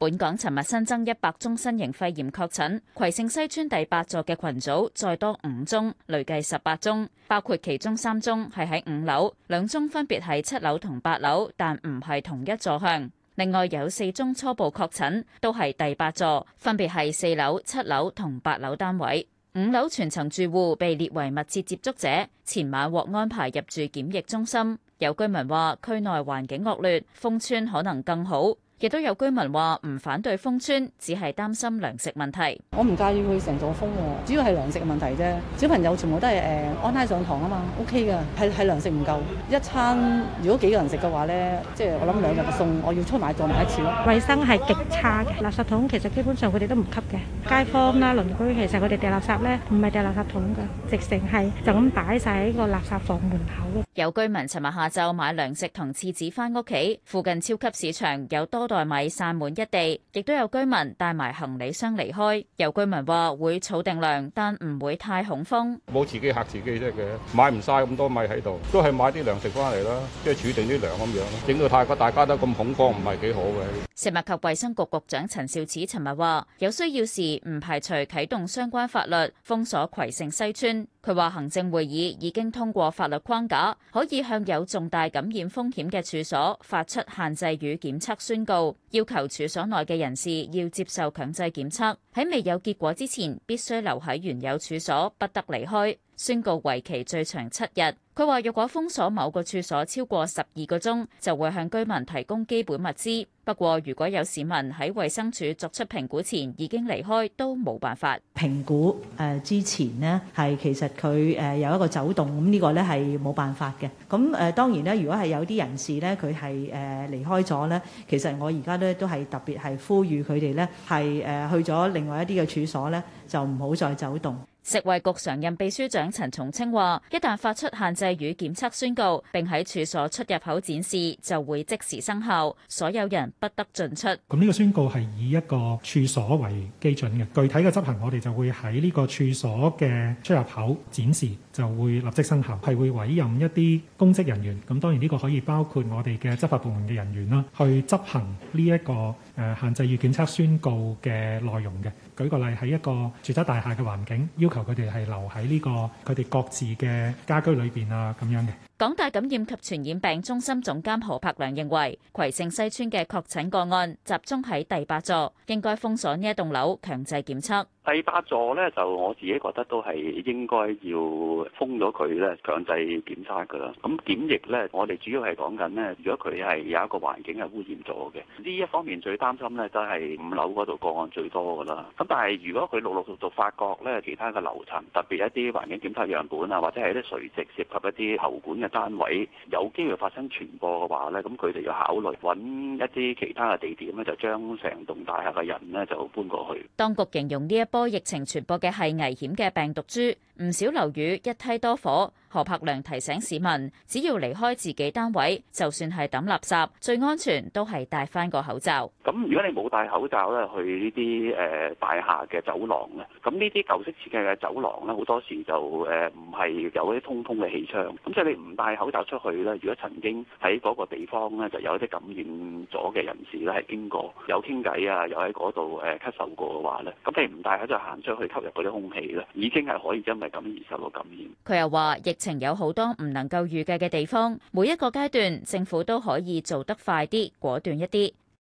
本港尋日新增一百宗新型肺炎確診，葵盛西邨第八座嘅群組再多五宗，累計十八宗，包括其中三宗係喺五樓，兩宗分別係七樓同八樓，但唔係同一座向。另外有四宗初步確診，都係第八座，分別係四樓、七樓同八樓單位。五樓全層住戶被列為密切接觸者，前晚獲安排入住檢疫中心。有居民話，區內環境惡劣，封邨可能更好。亦都有居民話唔反對封村，只係擔心糧食問題。我唔介意佢成座封喎，主要係糧食嘅問題啫。小朋友全部都係誒 online 上堂啊嘛，OK 㗎。係係糧食唔夠，一餐如果幾個人食嘅話咧，即係我諗兩日嘅餸，我要出買再買一次咯。衞生係極差嘅，垃圾桶其實基本上佢哋都唔吸嘅。街坊啦、鄰居其實佢哋掉垃圾咧，唔係掉垃圾桶㗎，直成係就咁擺晒喺個垃圾房門口。有居民尋日下晝買糧食同廁紙翻屋企，附近超級市場有多。袋米散滿一地，亦都有居民帶埋行李箱離開。有居民話會儲定糧，但唔會太恐慌。冇自己吓自己啫，嘅買唔晒咁多米喺度，都係買啲糧食翻嚟啦，即係儲定啲糧咁樣，整到泰國大家都咁恐慌，唔係幾好嘅。食物及衛生局局長陳肇始尋日話：有需要時，唔排除啟動相關法律封鎖葵盛西邨。佢話：行政會議已經通過法律框架，可以向有重大感染風險嘅處所發出限制與檢測宣告，要求處所內嘅人士要接受強制檢測，喺未有結果之前，必須留喺原有處所，不得離開。宣告為期最長七日。佢話：若果封鎖某個處所超過十二個鐘，就會向居民提供基本物資。不過，如果有市民喺衛生署作出評估前已經離開，都冇辦法評估。誒之前呢，係其實佢誒有一個走動，咁呢個咧係冇辦法嘅。咁誒當然咧，如果係有啲人士咧，佢係誒離開咗咧，其實我而家咧都係特別係呼籲佢哋咧係誒去咗另外一啲嘅處所咧，就唔好再走動。食衛局常任秘書長陳松青話：一旦發出限制與檢測宣告，並喺處所出入口展示，就會即時生效，所有人不得進出。咁呢個宣告係以一個處所為基準嘅，具體嘅執行我哋就會喺呢個處所嘅出入口展示，就會立即生效，係會委任一啲公職人員。咁當然呢個可以包括我哋嘅執法部門嘅人員啦，去執行呢一個誒限制與檢測宣告嘅內容嘅。舉個例，喺一個住宅大廈嘅環境要求。佢哋係留喺呢個佢哋各自嘅家居裏邊啊，咁樣嘅。港大感染及傳染病中心總監何柏良認為，葵盛西邨嘅確診個案集中喺第八座，應該封鎖呢一棟樓強制檢測。第八座咧，就我自己覺得都係應該要封咗佢咧，強制檢測噶啦。咁檢疫咧，我哋主要係講緊咧，如果佢係有一個環境係污染咗嘅，呢一方面最擔心咧都係五樓嗰度個案最多噶啦。咁但係如果佢陸陸續續發覺咧，其他嘅樓層，特別一啲環境檢測樣本啊，或者係啲垂直涉及一啲喉管嘅。單位有機會發生傳播嘅話咧，咁佢哋要考慮揾一啲其他嘅地點咧，就將成棟大廈嘅人咧就搬過去。當局形容呢一波疫情傳播嘅係危險嘅病毒株，唔少樓宇一梯多火。何柏良提醒市民，只要離開自己單位，就算係抌垃圾，最安全都係戴翻個口罩。咁如果你冇戴口罩咧，去呢啲誒大廈嘅走廊咧，咁呢啲舊式設計嘅走廊咧，好多時就誒唔係有啲通風嘅氣窗。咁即係你唔戴口罩出去咧，如果曾經喺嗰個地方咧，就有一啲感染咗嘅人士咧，係經過有傾偈啊，又喺嗰度誒咳嗽過嘅話咧，咁譬如唔戴口罩行出去吸入嗰啲空氣咧，已經係可以因為咁而受到感染。佢又話，疫情有好多唔能夠預計嘅地方，每一個階段政府都可以做得快啲、果斷一啲。